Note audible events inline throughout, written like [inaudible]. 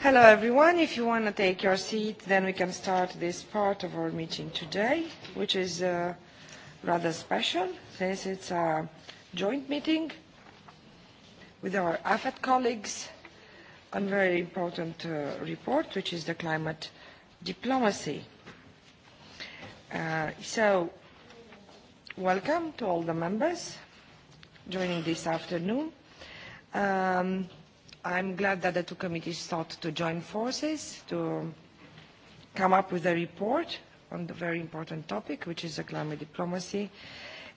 Hello everyone, if you want to take your seat, then we can start this part of our meeting today, which is uh, rather special since it's a joint meeting with our AFET colleagues on very important uh, report, which is the climate diplomacy. Uh, so, welcome to all the members joining this afternoon. Um, I'm glad that the two committees sought to join forces to come up with a report on the very important topic, which is the climate diplomacy.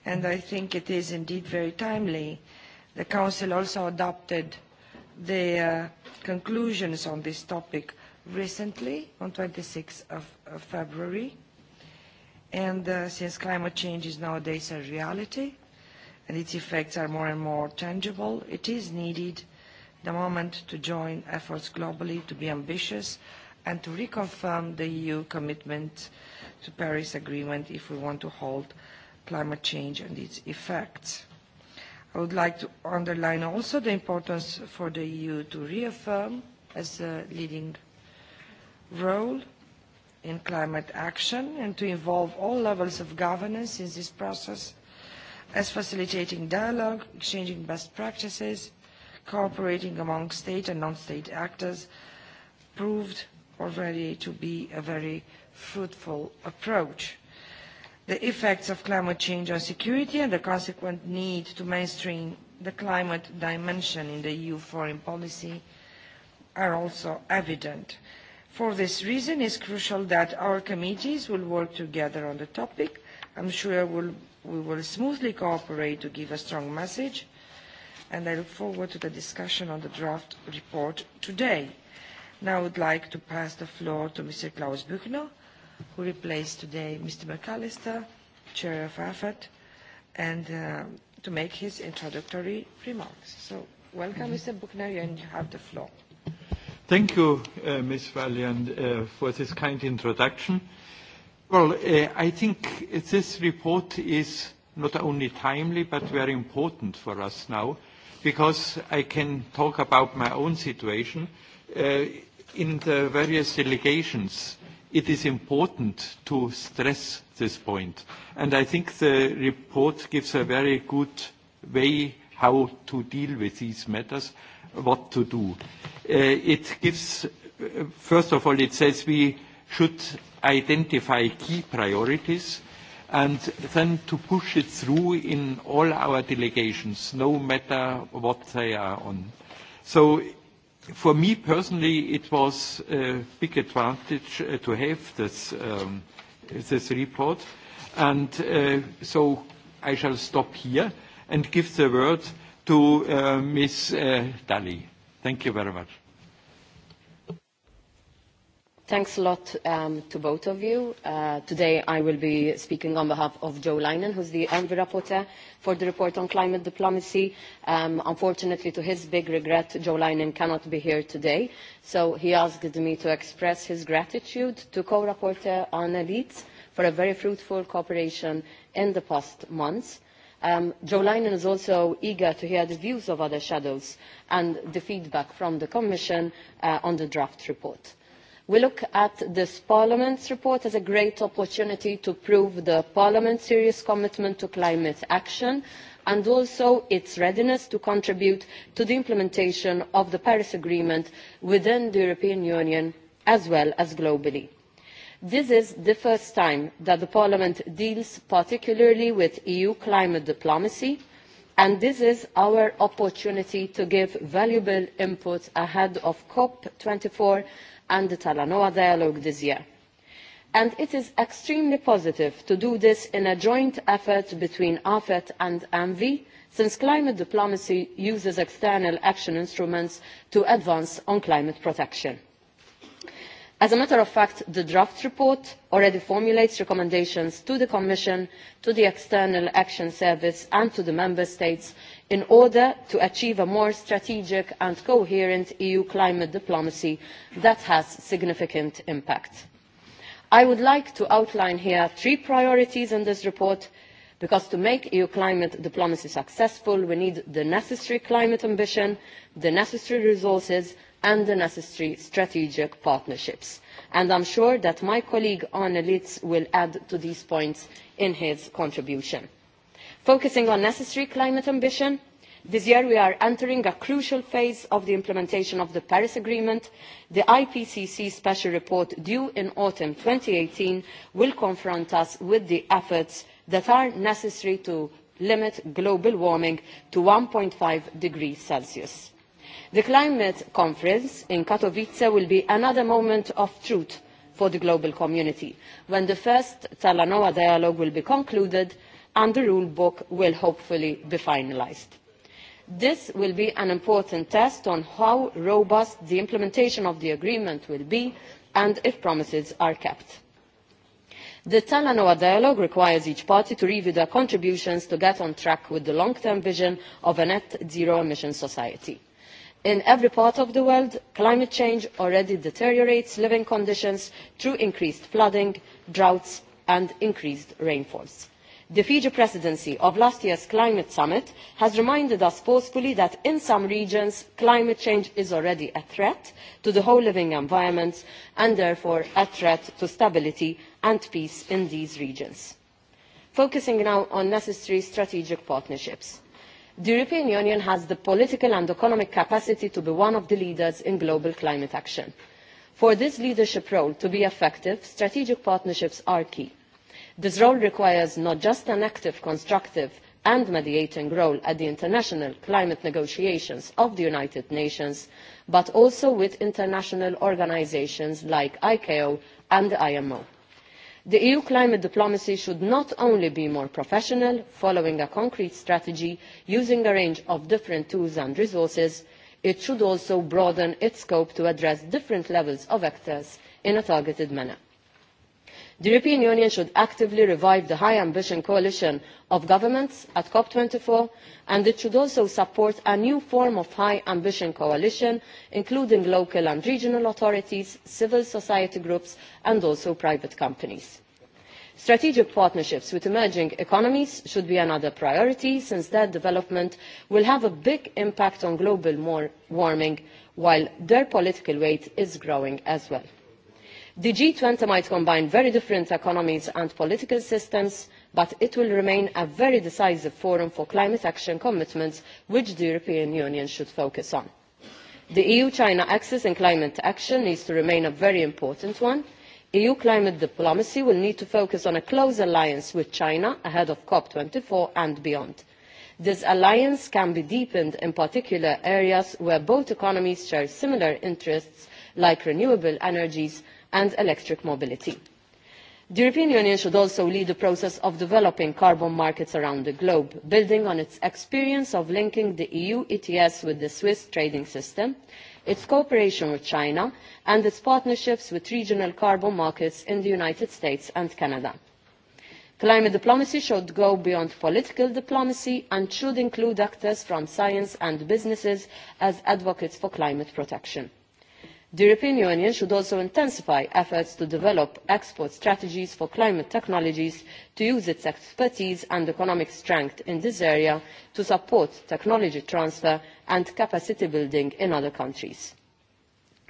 And I think it is indeed very timely. The Council also adopted the uh, conclusions on this topic recently, on 26th of, of February. And uh, since climate change is nowadays a reality, and its effects are more and more tangible, it is needed the moment to join efforts globally, to be ambitious, and to reconfirm the EU commitment to Paris Agreement if we want to halt climate change and its effects. I would like to underline also the importance for the EU to reaffirm as a leading role in climate action and to involve all levels of governance in this process as facilitating dialogue, exchanging best practices, cooperating among state and non-state actors proved already to be a very fruitful approach. The effects of climate change on security and the consequent need to mainstream the climate dimension in the EU foreign policy are also evident. For this reason, it's crucial that our committees will work together on the topic. I'm sure we'll, we will smoothly cooperate to give a strong message and I look forward to the discussion on the draft report today. Now I would like to pass the floor to Mr. Klaus Büchner, who replaced today Mr. McAllister, Chair of AFAT, and uh, to make his introductory remarks. So welcome, mm -hmm. Mr. Buchner, and you have the floor. Thank you, uh, Ms. Valiant, uh, for this kind introduction. Well, uh, I think this report is not only timely but very important for us now because I can talk about my own situation. Uh, in the various delegations, it is important to stress this point. And I think the report gives a very good way how to deal with these matters, what to do. Uh, it gives, uh, first of all, it says we should identify key priorities uh, and then to push it through in all our delegations, no matter what they are on. So for me personally, it was a big advantage uh, to have this, um, this report. And uh, so I shall stop here and give the word to uh, Ms. Uh, Daly. Thank you very much. Thanks a lot um, to both of you. Uh, today I will be speaking on behalf of Joe Linen, who's the envoy rapporteur for the report on climate diplomacy. Um, unfortunately, to his big regret, Joe Linen cannot be here today, so he asked me to express his gratitude to co-rapporteur Anna Leeds for a very fruitful cooperation in the past months. Um, Joe Linen is also eager to hear the views of other shadows and the feedback from the Commission uh, on the draft report. We look at this Parliament's report as a great opportunity to prove the Parliament's serious commitment to climate action and also its readiness to contribute to the implementation of the Paris Agreement within the European Union as well as globally. This is the first time that the Parliament deals particularly with EU climate diplomacy, and this is our opportunity to give valuable input ahead of COP24 and the Talanoa dialogue this year. And it is extremely positive to do this in a joint effort between AFET and ANVI, since climate diplomacy uses external action instruments to advance on climate protection. As a matter of fact, the draft report already formulates recommendations to the Commission, to the External Action Service and to the Member States in order to achieve a more strategic and coherent eu climate diplomacy that has significant impact. i would like to outline here three priorities in this report because to make eu climate diplomacy successful we need the necessary climate ambition the necessary resources and the necessary strategic partnerships and i am sure that my colleague arne lietz will add to these points in his contribution. Focusing on necessary climate ambition, this year we are entering a crucial phase of the implementation of the Paris Agreement. The IPCC special report due in autumn 2018 will confront us with the efforts that are necessary to limit global warming to 1.5 degrees Celsius. The climate conference in Katowice will be another moment of truth for the global community, when the first Talanoa dialogue will be concluded and the rule book will hopefully be finalised. This will be an important test on how robust the implementation of the agreement will be and if promises are kept. The Talanoa dialogue requires each party to review their contributions to get on track with the long-term vision of a net zero emission society. In every part of the world, climate change already deteriorates living conditions through increased flooding, droughts and increased rainfalls the fiji presidency of last year's climate summit has reminded us forcefully that in some regions climate change is already a threat to the whole living environment and therefore a threat to stability and peace in these regions. focusing now on necessary strategic partnerships the european union has the political and economic capacity to be one of the leaders in global climate action. for this leadership role to be effective strategic partnerships are key this role requires not just an active constructive and mediating role at the international climate negotiations of the united nations but also with international organisations like icao and the imo. the eu climate diplomacy should not only be more professional following a concrete strategy using a range of different tools and resources it should also broaden its scope to address different levels of actors in a targeted manner the european union should actively revive the high ambition coalition of governments at cop twenty four and it should also support a new form of high ambition coalition including local and regional authorities civil society groups and also private companies. strategic partnerships with emerging economies should be another priority since their development will have a big impact on global warming while their political weight is growing as well the g twenty might combine very different economies and political systems but it will remain a very decisive forum for climate action commitments which the european union should focus on. the eu china axis in climate action needs to remain a very important one. eu climate diplomacy will need to focus on a close alliance with china ahead of cop twenty four and beyond. this alliance can be deepened in particular areas where both economies share similar interests like renewable energies and electric mobility. The European Union should also lead the process of developing carbon markets around the globe, building on its experience of linking the EU ETS with the Swiss trading system, its cooperation with China, and its partnerships with regional carbon markets in the United States and Canada. Climate diplomacy should go beyond political diplomacy and should include actors from science and businesses as advocates for climate protection the european union should also intensify efforts to develop export strategies for climate technologies to use its expertise and economic strength in this area to support technology transfer and capacity building in other countries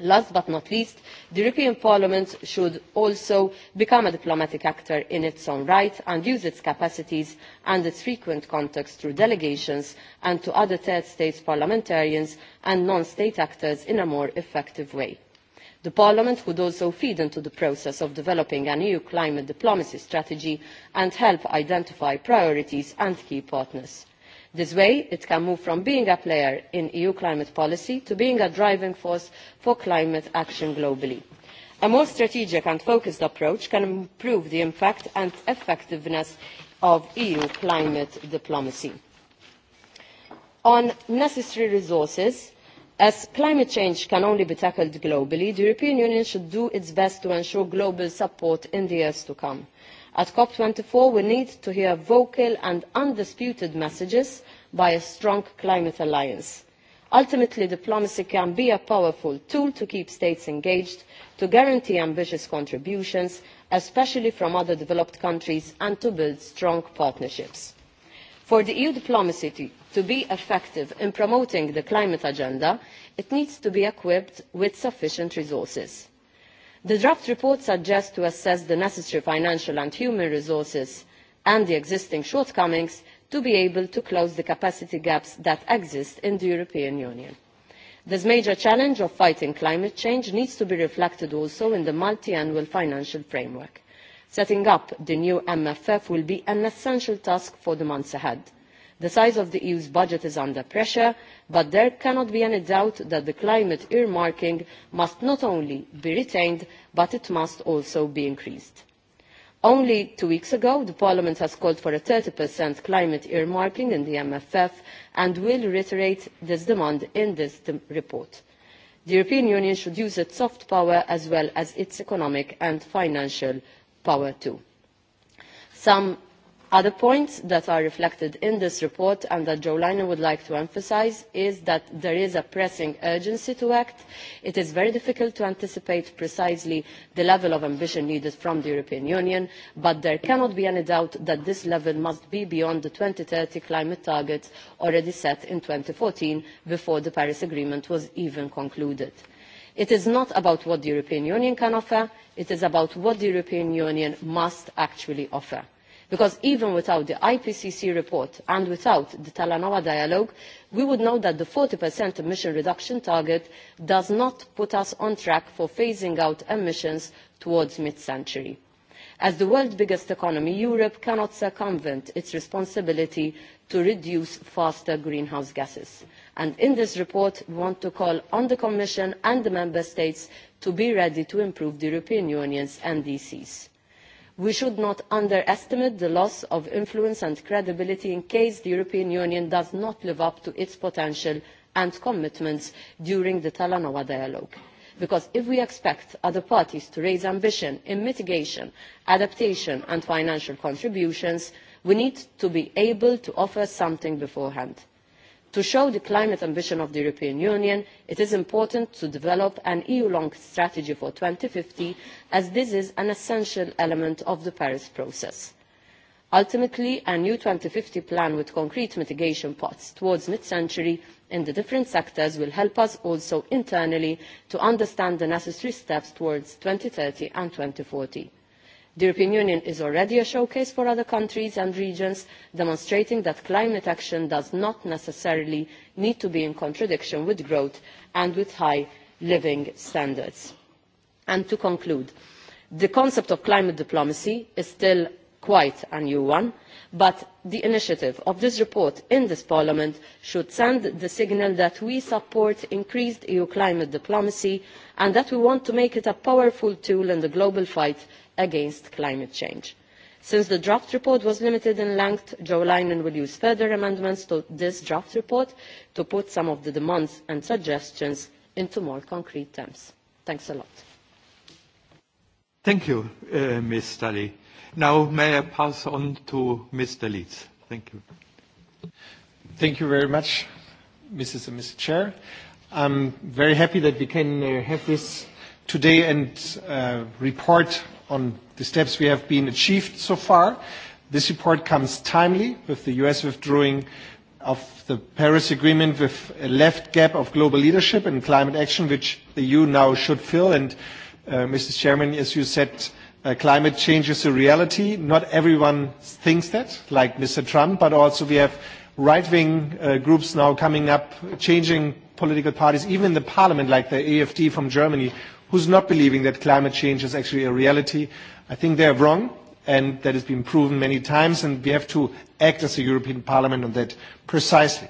last but not least the european parliament should also become a diplomatic actor in its own right and use its capacities and its frequent contacts through delegations and to other third state parliamentarians and non state actors in a more effective way. parliament would also feed into the process of developing an eu climate diplomacy strategy and help identify priorities and key partners. This way, it can move from being a player in EU climate policy to being a driving force for climate action globally. A more strategic and focused approach can improve the impact and effectiveness of EU climate diplomacy. On necessary resources, as climate change can only be tackled globally, the European Union should do its best to ensure global support in the years to come At COP24, we need to hear vocal and undisputed messages by a strong climate alliance. Ultimately, diplomacy can be a powerful tool to keep states engaged, to guarantee ambitious contributions, especially from other developed countries, and to build strong partnerships. For the EU diplomacy to, to be effective in promoting the climate agenda, it needs to be equipped with sufficient resources the draft report suggests to assess the necessary financial and human resources and the existing shortcomings to be able to close the capacity gaps that exist in the european union. this major challenge of fighting climate change needs to be reflected also in the multiannual financial framework. setting up the new mff will be an essential task for the months ahead the size of the eu's budget is under pressure but there cannot be any doubt that the climate earmarking must not only be retained but it must also be increased. only two weeks ago parliament called for a thirty climate earmarking in the mff and will reiterate this demand in this report. the european union should use its soft power as well as its economic and financial power too. some other points that are reflected in this report and that jo leinen would like to emphasise is that there is a pressing urgency to act. it is very difficult to anticipate precisely the level of ambition needed from the european union but there cannot be any doubt that this level must be beyond the two thousand and thirty climate targets already set in two thousand and fourteen before the paris agreement was even concluded. it is not about what the european union can offer it is about what the european union must actually offer because even without the ipcc report and without the talanoa dialogue we would know that the forty emission reduction target does not put us on track for phasing out emissions towards mid century. as the world's biggest economy europe cannot circumvent its responsibility to reduce faster greenhouse gases and in this report we want to call on the commission and the member states to be ready to improve the european union's ndcs we should not underestimate the loss of influence and credibility in case the european union does not live up to its potential and commitments during the talanoa dialogue because if we expect other parties to raise ambition in mitigation adaptation and financial contributions we need to be able to offer something beforehand to show the climate ambition of the european union it is important to develop an eu long strategy for two thousand and fifty as this is an essential element of the paris process. ultimately a new two thousand and fifty plan with concrete mitigation paths towards mid century in the different sectors will help us also internally to understand the necessary steps towards two thousand and thirty and two thousand and forty the european union is already a showcase for other countries and regions demonstrating that climate action does not necessarily need to be in contradiction with growth and with high living standards. And to conclude the concept of climate diplomacy is still quite a new one but the initiative of this report in this parliament should send the signal that we support increased eu climate diplomacy and that we want to make it a powerful tool in the global fight against climate change. Since the draft report was limited in length, Joe Linen will use further amendments to this draft report to put some of the demands and suggestions into more concrete terms. Thanks a lot. Thank you, uh, Ms. Tully. Now may I pass on to Mr. Leeds. Thank you. Thank you very much, Mrs. and Mr. Chair. I'm very happy that we can uh, have this today and uh, report on the steps we have been achieved so far. This report comes timely with the U.S. withdrawing of the Paris Agreement with a left gap of global leadership and climate action, which the EU now should fill. And, uh, Mrs. Chairman, as you said, uh, climate change is a reality. Not everyone thinks that, like Mr. Trump, but also we have right-wing uh, groups now coming up, changing political parties, even in the parliament, like the AFD from Germany, who's not believing that climate change is actually a reality. I think they're wrong, and that has been proven many times, and we have to act as a European Parliament on that precisely.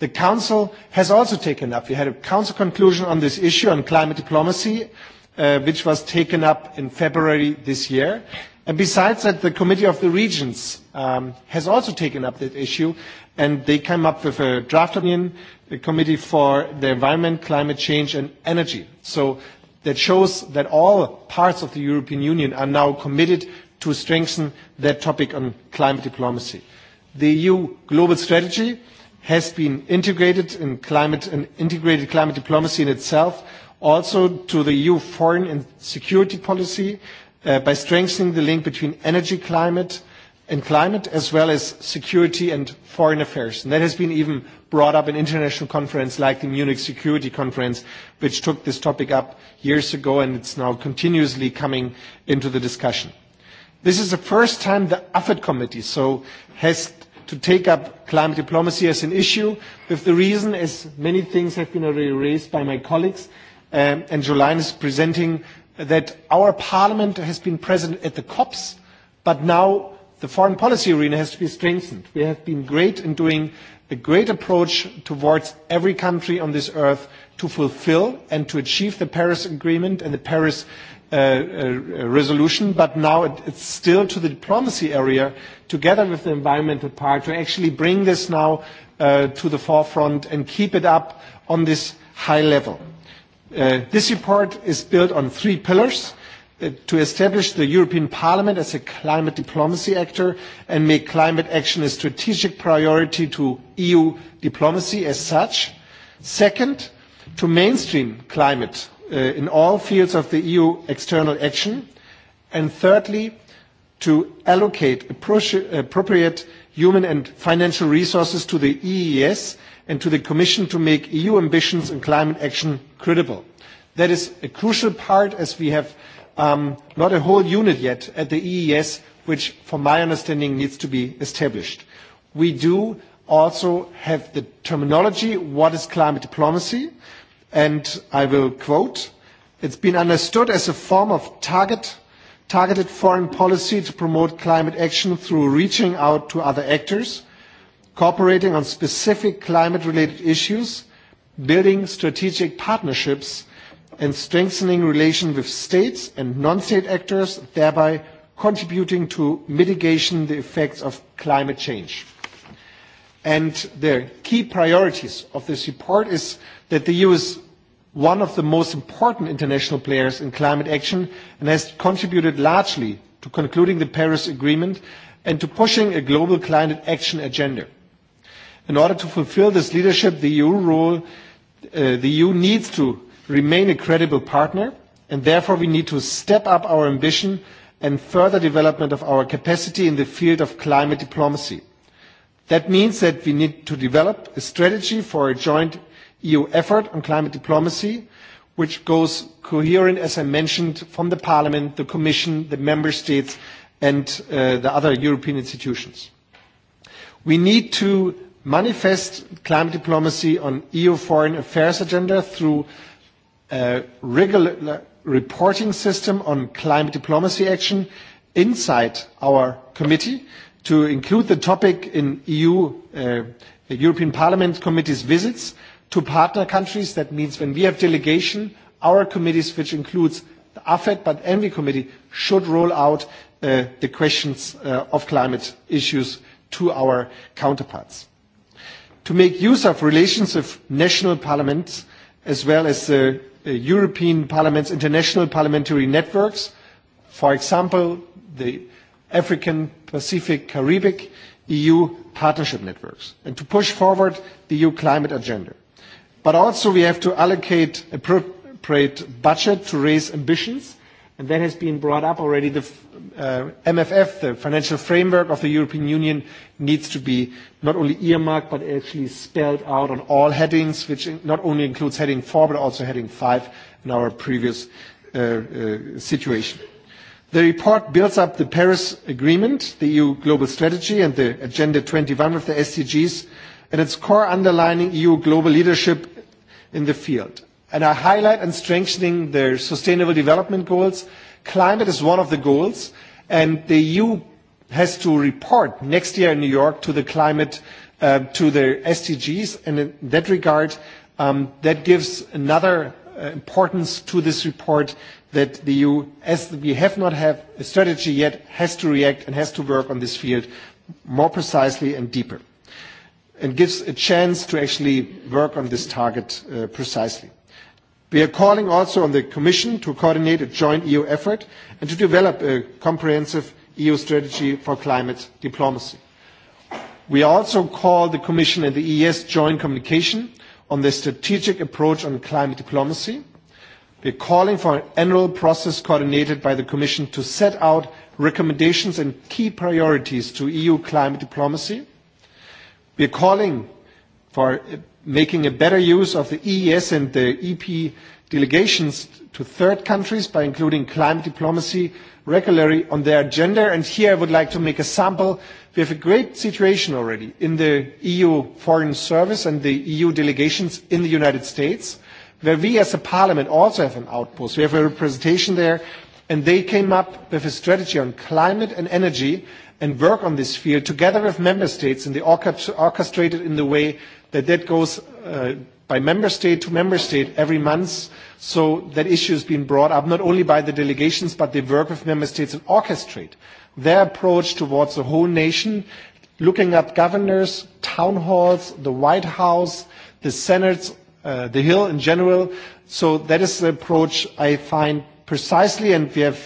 The Council has also taken up, we had a Council conclusion on this issue on climate diplomacy, uh, which was taken up in February this year. And besides that, the Committee of the Regions um, has also taken up that issue, and they came up with a draft opinion, a committee for the environment, climate change, and energy. So that shows that all parts of the European Union are now committed to strengthen that topic on climate diplomacy. The EU global strategy has been integrated in climate and integrated climate diplomacy in itself also to the EU foreign and security policy uh, by strengthening the link between energy climate and climate as well as security and foreign affairs. And that has been even brought up an international conference like the Munich Security Conference, which took this topic up years ago, and it's now continuously coming into the discussion. This is the first time the AFED committee so has to take up climate diplomacy as an issue, with the reason, as many things have been already raised by my colleagues, um, and Jolene is presenting that our parliament has been present at the COPs, but now the foreign policy arena has to be strengthened. We have been great in doing a great approach towards every country on this earth to fulfill and to achieve the Paris Agreement and the Paris uh, uh, resolution, but now it, it's still to the diplomacy area, together with the environmental part, to actually bring this now uh, to the forefront and keep it up on this high level. Uh, this report is built on three pillars. Uh, Uh, to establish the European Parliament as a climate diplomacy actor and make climate action a strategic priority to EU diplomacy as such. Second, to mainstream climate uh, in all fields of the EU external action. And thirdly, to allocate appropriate human and financial resources to the EES and to the Commission to make EU ambitions in climate action credible. That is a crucial part as we have uh, um, not a whole unit yet at the EES, which from my understanding needs to be established. We do also have the terminology, what is climate diplomacy? And I will quote, it's been understood as a form of target, targeted foreign policy to promote climate action through reaching out to other actors, cooperating on specific climate-related issues, building strategic partnerships, and strengthening relations with states and non-state actors, thereby contributing to mitigation the effects of climate change. And the key priorities of this report is that the EU is one of the most important international players in climate action and has contributed largely to concluding the Paris Agreement and to pushing a global climate action agenda. In order to fulfill this leadership, the EU role, uh, the EU needs to remain a credible partner, and therefore we need to step up our ambition and further development of our capacity in the field of climate diplomacy. That means that we need to develop a strategy for a joint EU effort on climate diplomacy, which goes coherent, as I mentioned, from the Parliament, the Commission, the Member States, and uh, the other European institutions. We need to manifest climate diplomacy on EU foreign affairs agenda through a regular reporting system on climate diplomacy action inside our committee to include the topic in EU, uh, European Parliament committee's visits to partner countries. That means when we have delegation, our committees, which includes the AFED but ENVI committee, should roll out uh, the questions uh, of climate issues to our counterparts. To make use of relations with national parliaments as well as the uh, Uh, European Parliament's international parliamentary networks, for example, the African, Pacific, Caribbean EU partnership networks, and to push forward the EU climate agenda. But also we have to allocate appropriate budget to raise ambitions and that has been brought up already. The uh, MFF, the financial framework of the European Union, needs to be not only earmarked but actually spelled out on all headings, which not only includes heading four but also heading five in our previous uh, uh, situation. The report builds up the Paris Agreement, the EU Global Strategy, and the Agenda 21 of the SDGs, and its core underlining EU global leadership in the field and are highlight and strengthening their sustainable development goals. Climate is one of the goals, and the EU has to report next year in New York to the climate, uh, to their SDGs, and in that regard, um, that gives another uh, importance to this report that the EU, as we have not have a strategy yet, has to react and has to work on this field more precisely and deeper and gives a chance to actually work on this target uh, precisely. We are calling also on the Commission to coordinate a joint EU effort and to develop a comprehensive EU strategy for climate diplomacy. We also call the Commission and the EES joint communication on the strategic approach on climate diplomacy. We're calling for an annual process coordinated by the Commission to set out recommendations and key priorities to EU climate diplomacy. We're calling for making a better use of the EES and the EP delegations to third countries by including climate diplomacy regularly on their agenda. And here I would like to make a sample. We have a great situation already in the EU Foreign Service and the EU delegations in the United States, where we as a parliament also have an outpost. We have a representation there, and they came up with a strategy on climate and energy and work on this field together with member states, and they orchestrated in the way that that goes uh, by member state to member state every month. So that issue has been brought up not only by the delegations, but they work with member states and orchestrate their approach towards the whole nation, looking up governors, town halls, the White House, the Senate, uh, the Hill in general. So that is the approach I find precisely, and we have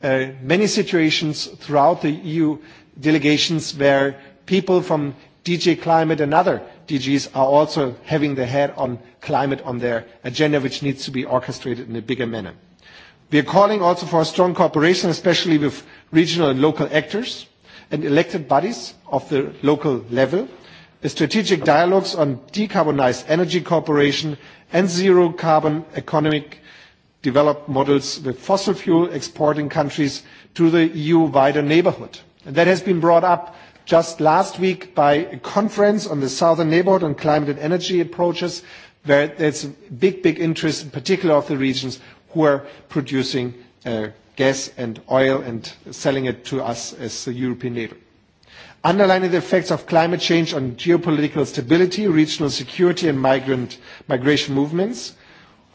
uh, many situations throughout the EU delegations where people from DJ Climate and other DGs are also having their head on climate on their agenda, which needs to be orchestrated in a bigger manner. We are calling also for a strong cooperation, especially with regional and local actors and elected bodies of the local level, a strategic dialogues on decarbonized energy cooperation and zero carbon economic developed models with fossil fuel exporting countries to the EU wider neighborhood. And that has been brought up just last week by a conference on the southern neighborhood on climate and energy approaches, where there's big, big interest, in particular of the regions who are producing uh, gas and oil and selling it to us as a European neighbor. Underlining the effects of climate change on geopolitical stability, regional security, and migrant migration movements,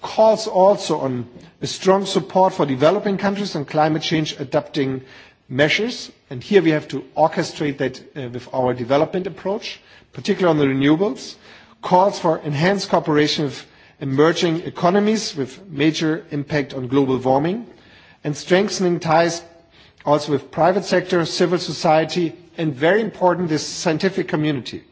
calls also on a strong support for developing countries on climate change adapting uh, measures, and here we have to orchestrate that uh, with our development approach, particularly on the renewables, calls for enhanced cooperation with emerging economies with major impact on global warming, and strengthening ties also with private sector, civil society, and very important, the scientific community.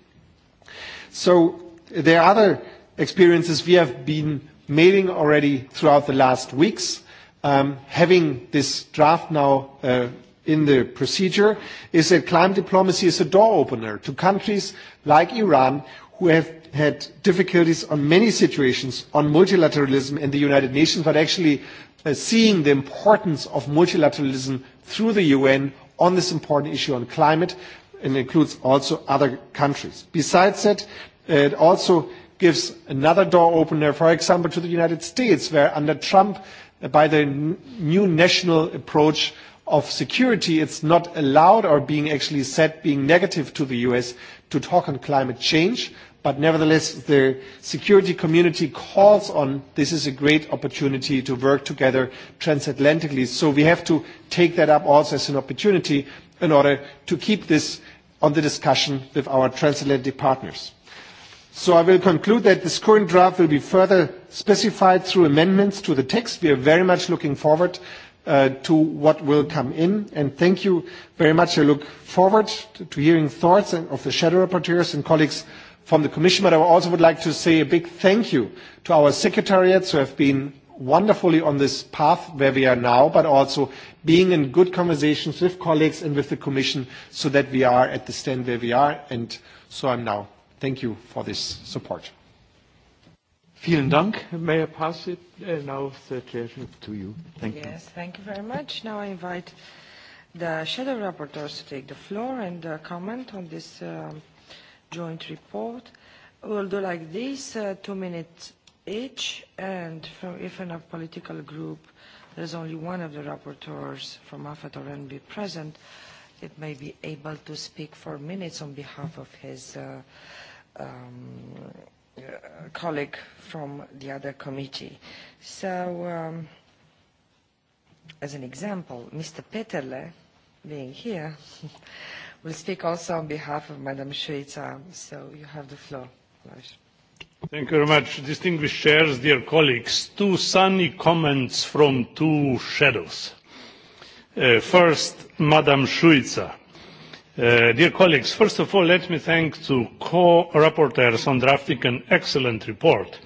So there are other experiences we have been mailing already throughout the last weeks. Um, having this draft now uh, in the procedure is that climate diplomacy is a door opener to countries like Iran who have had difficulties on many situations on multilateralism and the United Nations, but actually uh, seeing the importance of multilateralism through the UN on this important issue on climate and includes also other countries. Besides that, it also gives another door opener, for example, to the United States, where under Trump, uh, by the new national approach of security, it's not allowed or being actually said being negative to the US to talk on climate change. But nevertheless, the security community calls on this is a great opportunity to work together transatlantically. So we have to take that up also as an opportunity in order to keep this on the discussion with our transatlantic partners. So I will conclude that this current draft will be further specified through amendments to the text. We are very much looking forward uh, uh, to what will come in. And thank you very much. I look forward to, to hearing thoughts and, of the shadow rapporteurs and colleagues from the Commission. But I also would like to say a big thank you to our secretariats who have been wonderfully on this path where we are now, but also being in good conversations with colleagues and with the Commission so that we are at the stand where we are. And so I'm now. Thank you for this support. Vielen Dank. May I pass it uh, now the chair to you? Thank yes, you. Yes, thank you very much. Now I invite the shadow rapporteurs to take the floor and uh, comment on this um, joint report. We'll do like this, uh, two minutes each, and from, if in a political group there's only one of the rapporteurs from AFAT or NB present, it may be able to speak for minutes on behalf of his uh, um, Uh, colleague from the other committee. So, um, as an example, Mr. Peterle, being here, [laughs] will speak also on behalf of Madam Schuica. So you have the floor, Lars. Thank you very much. Distinguished chairs, dear colleagues, two sunny comments from two shadows. Uh, first, Madam Schuica Uh, dear colleagues, first of all, let me thank the co-rapporteurs on drafting an excellent report.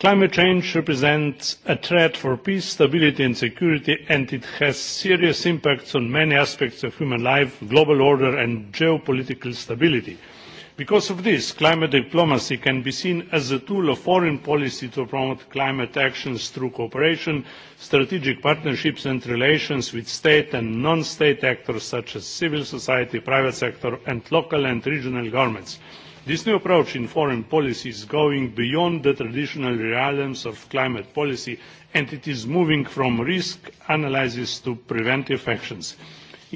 Climate change represents a threat for peace, stability and security, and it has serious impacts on many aspects of human life, global order and geopolitical stability. Because of this, climate diplomacy can be seen as a tool of foreign policy to promote climate actions through cooperation, strategic partnerships and relations with state and non-state actors such as civil society, private sector and local and regional governments. This new approach in foreign policy is going beyond the traditional realms of climate policy and it is moving from risk analysis to preventive actions.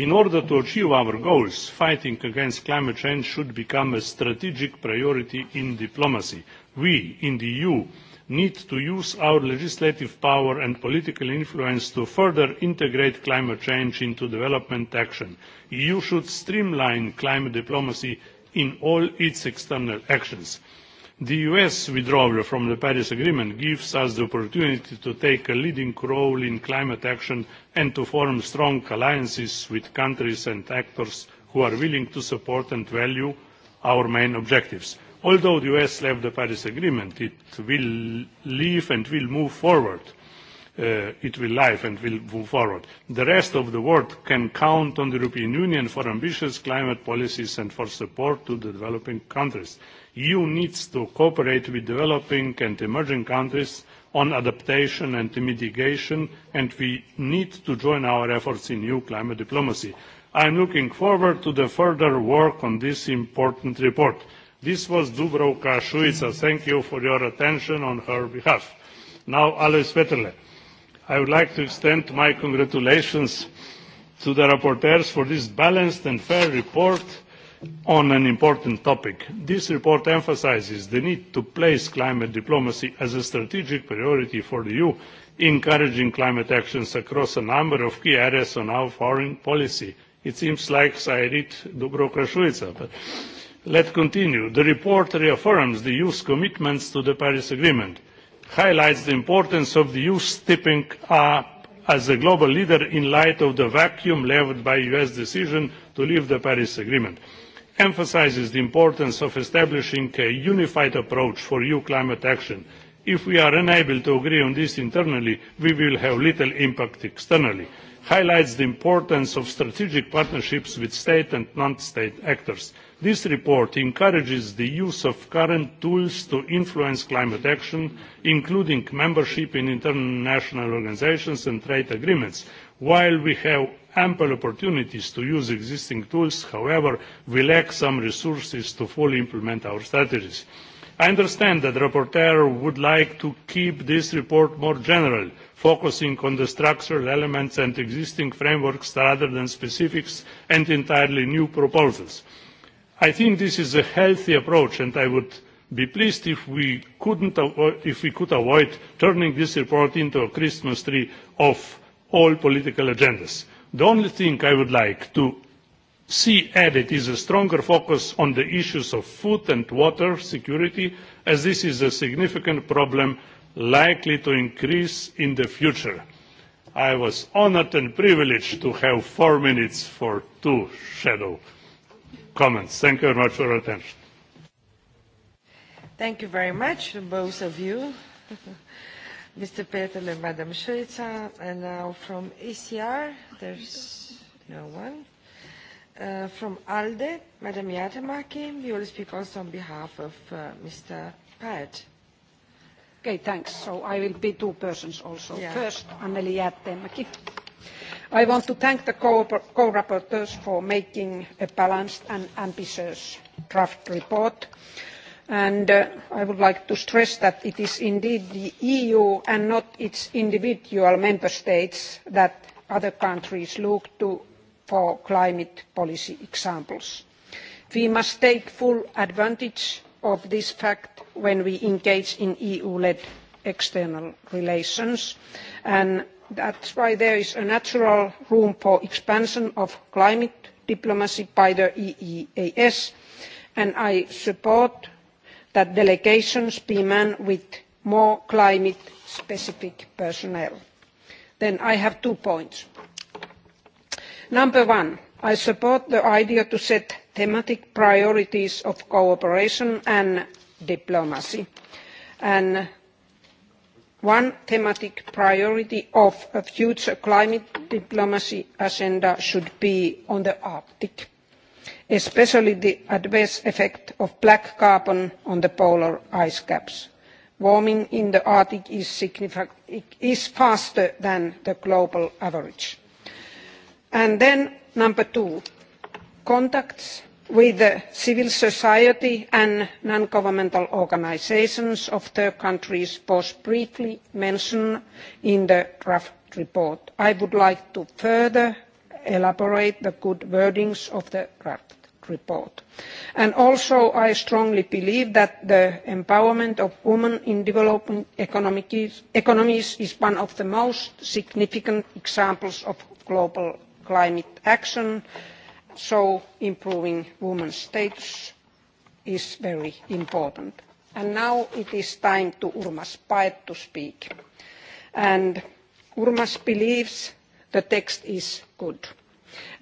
In order to achieve our goals, fighting against climate change should become a strategic priority in diplomacy. We, in the EU, need to use our legislative power and political influence to further integrate climate change into development action. the eu should streamline climate diplomacy in all its external actions. The US withdrawal from the Paris Agreement gives us the opportunity to take a leading role in climate action and to form strong alliances with countries and actors who are willing to support and value our main objectives. Although the US left the Paris Agreement, it will leave and will move forward uh, it will live and will move forward. The rest of the world can count on the European Union for ambitious climate policies and for support to the developing countries. EU needs to cooperate with developing and emerging countries on adaptation and mitigation, and we need to join our efforts in new climate diplomacy. I am looking forward to the further work on this important report. This was Dubravka Šuica. Thank you for your attention on her behalf. Now, Alois Peterle. I would like to extend my congratulations to the rapporteurs for this balanced and fair report on an important topic. This report emphasizes the need to place climate diplomacy as a strategic priority for the EU, encouraging climate actions across a number of key areas on our foreign policy. It seems like I read Dubrovka Šuica, but let's continue. The report reaffirms the EU's commitments to the Paris Agreement highlights the importance of the eu stepping up as a global leader in light of the vacuum left by the us decision to leave the paris agreement emphasises the importance of establishing a unified approach for eu climate action. if we are unable to agree on this internally we will have little impact externally highlights the importance of strategic partnerships with state and non state actors This report encourages the use of current tools to influence climate action, including membership in international organizations and trade agreements. While we have ample opportunities to use existing tools, however, we lack some resources to fully implement our strategies. I understand that the rapporteur would like to keep this report more general, focusing on the structural elements and existing frameworks rather than specifics and entirely new proposals. I think this is a healthy approach, and I would be pleased if we, couldn't avo- if we could avoid turning this report into a Christmas tree of all political agendas. The only thing I would like to see added is a stronger focus on the issues of food and water security, as this is a significant problem likely to increase in the future. I was honored and privileged to have four minutes for two shadow comments. Thank you very much for your attention. Thank you very much, both of you, [laughs] Mr. Petel and Madam Schulze. And now from ECR, there's no one. Uh, from ALDE, Madam Yatamaki, you will speak also on behalf of uh, Mr. Paet. Okay, thanks. So I will be two persons also. Yeah. First, Anneli Jäätteenmäki. I want to thank the co-rapporteurs co for making a balanced and ambitious draft report. And uh, I would like to stress that it is indeed the EU and not its individual member states that other countries look to for climate policy examples. We must take full advantage of this fact when we engage in EU-led external relations and that is why there is natural room for expansion of climate diplomacy by the eeas and i support that delegations be manned with more climate specific personnel. then i have two points. number one i support the idea to set thematic priorities of cooperation and diplomacy and one thematic priority of a future climate diplomacy agenda should be on the arctic especially the adverse effect of black carbon on the polar ice caps. warming in the arctic is, is faster than the global average. and then number two contacts with civil society and non governmental organisations of third countries both briefly mentioned in the draft report. i would like to further elaborate the good wordings of the draft report. And also i strongly believe that the empowerment of women in developing economies is one of the most significant examples of global climate action and so improving women's status is very important. And now it is time to Urmas Paet to speak. And Urmas believes the text is good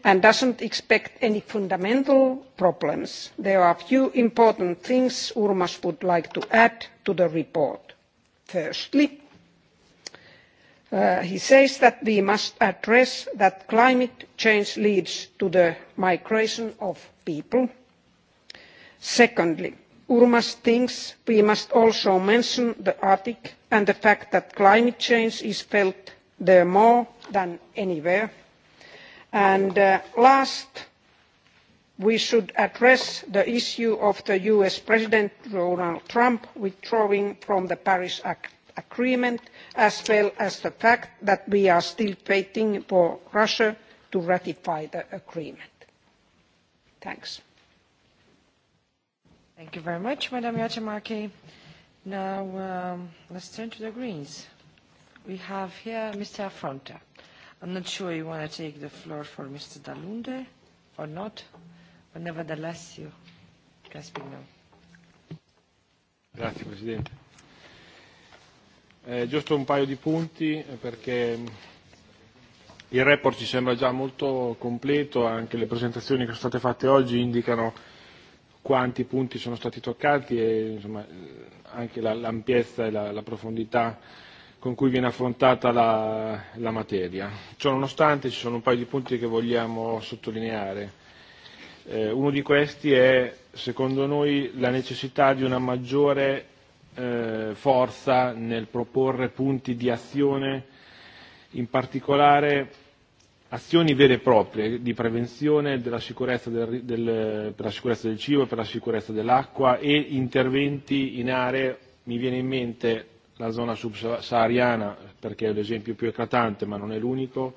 and doesn't expect any fundamental problems. There are a few important things Urmas would like to add to the report. Firstly, Uh, he says that we must address that climate change leads to the migration of people. secondly urmas thinks we must also mention the arctic and the fact that climate change is felt there more than anywhere. and uh, last we should address the issue of the us president donald trump withdrawing from the paris act agreement as well as the fact that we are still waiting for russia to ratify the agreement. thanks. thank you very much madam yatamaki. now um, let's turn to the greens. we have here mr affronta. i'm not sure you want to take the floor for mr dalunde or not, but nevertheless you can speak now. Grazie Presidente. Eh, giusto un paio di punti eh, perché il report ci sembra già molto completo, anche le presentazioni che sono state fatte oggi indicano quanti punti sono stati toccati e insomma, eh, anche la, l'ampiezza e la, la profondità con cui viene affrontata la, la materia. Ciononostante ci sono un paio di punti che vogliamo sottolineare. Eh, uno di questi è, secondo noi, la necessità di una maggiore eh, forza nel proporre punti di azione, in particolare azioni vere e proprie di prevenzione della sicurezza del, del, per la sicurezza del cibo, per la sicurezza dell'acqua e interventi in aree, mi viene in mente la zona subsahariana perché è l'esempio più eclatante ma non è l'unico,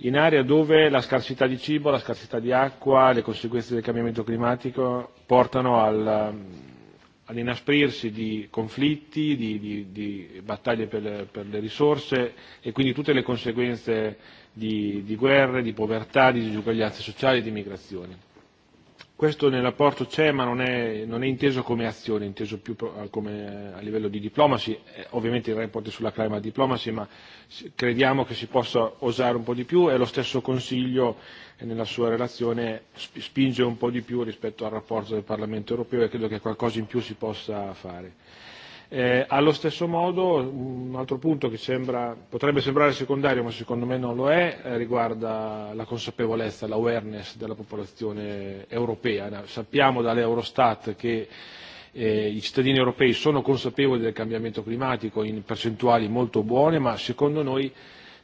in aree dove la scarsità di cibo, la scarsità di acqua, le conseguenze del cambiamento climatico portano al, all'inasprirsi di conflitti, di, di, di battaglie per le, per le risorse e quindi tutte le conseguenze di, di guerre, di povertà, di disuguaglianze sociali e di migrazioni. Questo nel rapporto c'è ma non è, non è inteso come azione, è inteso più eh, come a livello di diplomacy, eh, ovviamente il report è sulla climate diplomacy, ma crediamo che si possa osare un po' di più e lo stesso Consiglio eh, nella sua relazione spinge un po' di più rispetto al rapporto del Parlamento europeo e credo che qualcosa in più si possa fare. Eh, allo stesso modo un altro punto che sembra, potrebbe sembrare secondario ma secondo me non lo è eh, riguarda la consapevolezza, l'awareness della popolazione europea. Sappiamo dall'Eurostat che eh, i cittadini europei sono consapevoli del cambiamento climatico in percentuali molto buone ma secondo noi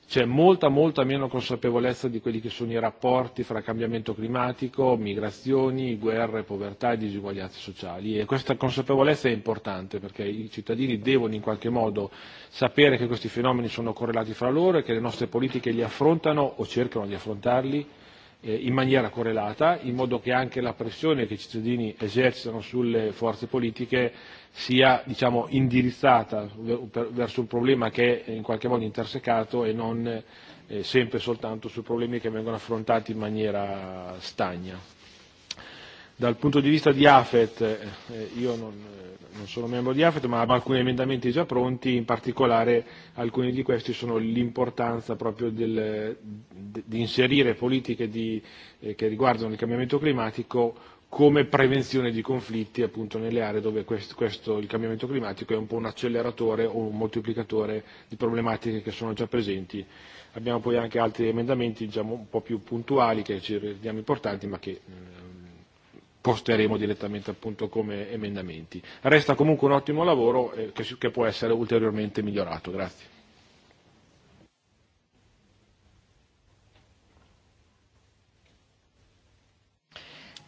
C'è molta, molta meno consapevolezza di quelli che sono i rapporti fra cambiamento climatico, migrazioni, guerre, povertà e disuguaglianze sociali e questa consapevolezza è importante perché i cittadini devono in qualche modo sapere che questi fenomeni sono correlati fra loro e che le nostre politiche li affrontano o cercano di affrontarli eh, in maniera correlata, in modo che anche la pressione che i cittadini esercitano sulle forze politiche sia diciamo, indirizzata verso un problema che è in qualche modo intersecato e non eh, sempre soltanto su problemi che vengono affrontati in maniera stagna. Dal punto di vista di AFET, eh, eh, io non, eh, non sono membro di AFET, ma abbiamo alcuni emendamenti già pronti, in particolare alcuni di questi sono l'importanza proprio del, de, di inserire politiche di, eh, che riguardano il cambiamento climatico come prevenzione di conflitti appunto nelle aree dove questo, questo, il cambiamento climatico è un po' un acceleratore o un moltiplicatore di problematiche che sono già presenti. Abbiamo poi anche altri emendamenti diciamo, un po' più puntuali che ci rendiamo importanti ma che eh, posteremo direttamente appunto come emendamenti. Resta comunque un ottimo lavoro eh, che, che può essere ulteriormente migliorato. Grazie.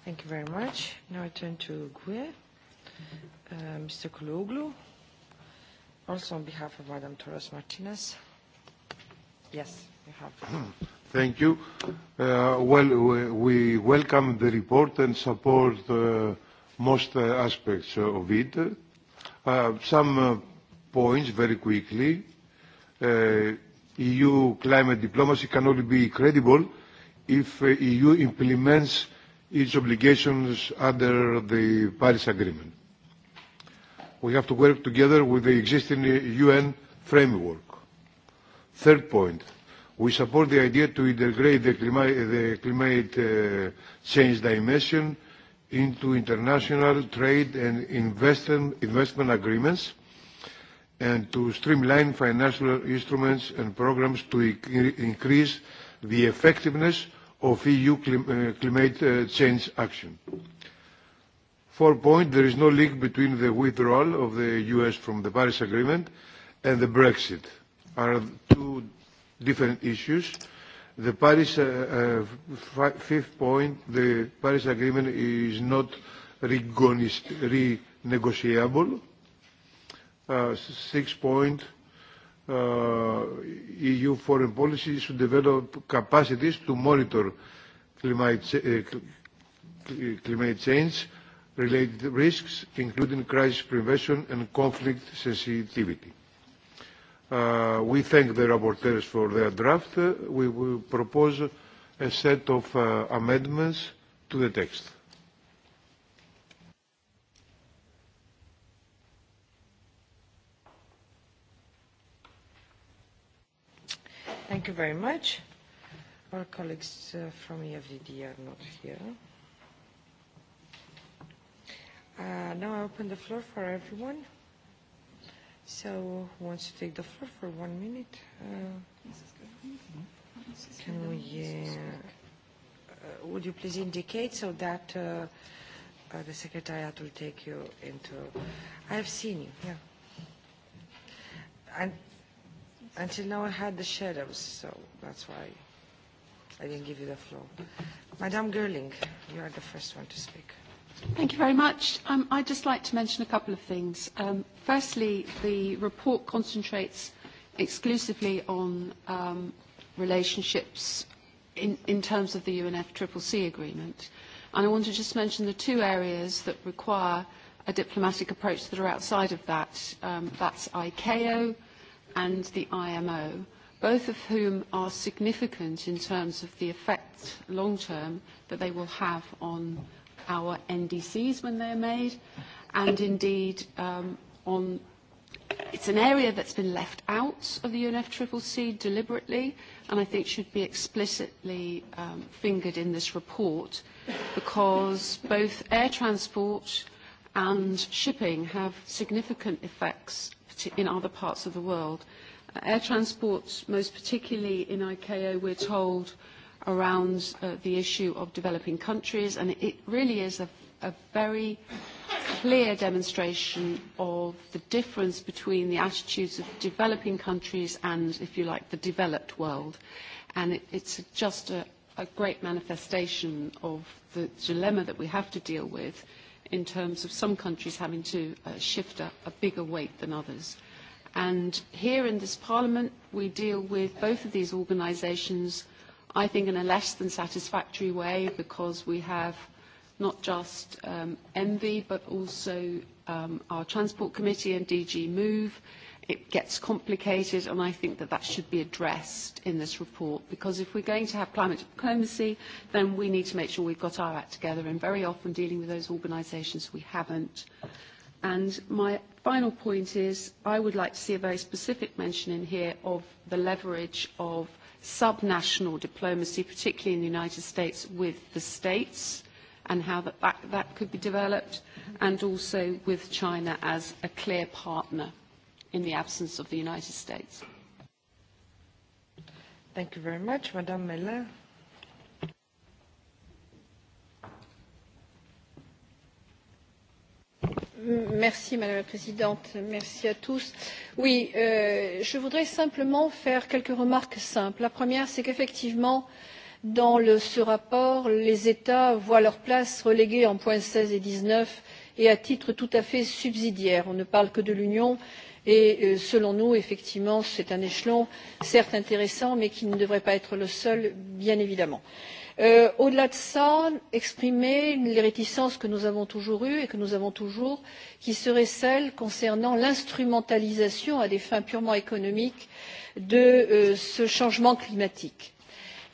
Thank you very much. Now I turn to GUE, uh, Mr. Kouloglou, also on behalf of Madam Torres Martinez. Yes, you have. Thank you. Uh, well, we, we welcome the report and support uh, most uh, aspects of it. Uh, some uh, points very quickly. Uh, EU climate diplomacy can only be credible if EU implements its obligations under the Paris Agreement. We have to work together with the existing UN framework. Third point, We support the idea to integrate the climate, the climate uh, change dimension into international trade and investment, investment agreements and to streamline financial instruments and programs to increase the effectiveness of EU clim uh, climate uh, change action. Four point, there is no link between the withdrawal of the US from the Paris Agreement and the Brexit are two different issues. The Paris uh, uh, fifth point, the Paris Agreement is not renegotiable. Uh, sixth point, uh, EU foreign policy should develop capacities to monitor climate, uh, climate change related risks, including crisis prevention and conflict sensitivity. Uh, we thank the rapporteurs for their draft. Uh, we will propose a set of uh, amendments to the text. Thank you very much. Our colleagues uh, from EFDD are not here. Uh, now I open the floor for everyone. So, once you take the floor for one minute, uh, can we, uh, uh, would you please indicate so that uh, uh, the Secretariat will take you into, I've seen you, yeah. And until now I had the shadows, so that's why I didn't give you the floor. Madame Gerling, you are the first one to speak. Thank you very much. Um, I'd just like to mention a couple of things. Um, firstly, the report concentrates exclusively on um, relationships in, in terms of the UNFCCC agreement. And I want to just mention the two areas that require a diplomatic approach that are outside of that. Um, that's ICAO and the IMO, both of whom are significant in terms of the effect long term that they will have on our NDCs when they're made, and indeed um, on it's an area that's been left out of the UNFCCC deliberately, and I think should be explicitly um, fingered in this report, because both air transport and shipping have significant effects in other parts of the world. Uh, air transport, most particularly in ICAO, we're told, uh, around uh, the issue of developing countries, and it really is a, a very clear demonstration of the difference between the attitudes of developing countries and, if you like, the developed world. And it, it's just a, a great manifestation of the dilemma that we have to deal with in terms of some countries having to uh, shift a, a bigger weight than others. And here in this Parliament, we deal with both of these organisations I think in a less than satisfactory way because we have not just um, ENVI but also um, our Transport Committee and DG Move. It gets complicated and I think that that should be addressed in this report because if we're going to have climate diplomacy then we need to make sure we've got our act together and very often dealing with those organisations we haven't. And my final point is I would like to see a very specific mention in here of the leverage of – subnational diplomacy, particularly in the United States, with the states and how that, that, that could be developed, and also with China as a clear partner in the absence of the United States. Thank you very much. Madame Mellin. Merci, madame la présidente merci à tous. Oui, euh, je voudrais simplement faire quelques remarques simples. la première c'est qu'effectivement dans le, ce rapport les états voient leur place reléguée aux points seize et dix neuf et à titre tout à fait subsidiaire. on ne parle que de l'union et euh, selon nous effectivement c'est un échelon certes intéressant mais qui ne devrait pas être le seul bien évidemment. ensuite Euh, au delà de ça exprimer les réticences que nous avons toujours eues et que nous avons toujours qui seraient celles concernant l'instrumentalisation à des fins purement économiques de euh, ce changement climatique.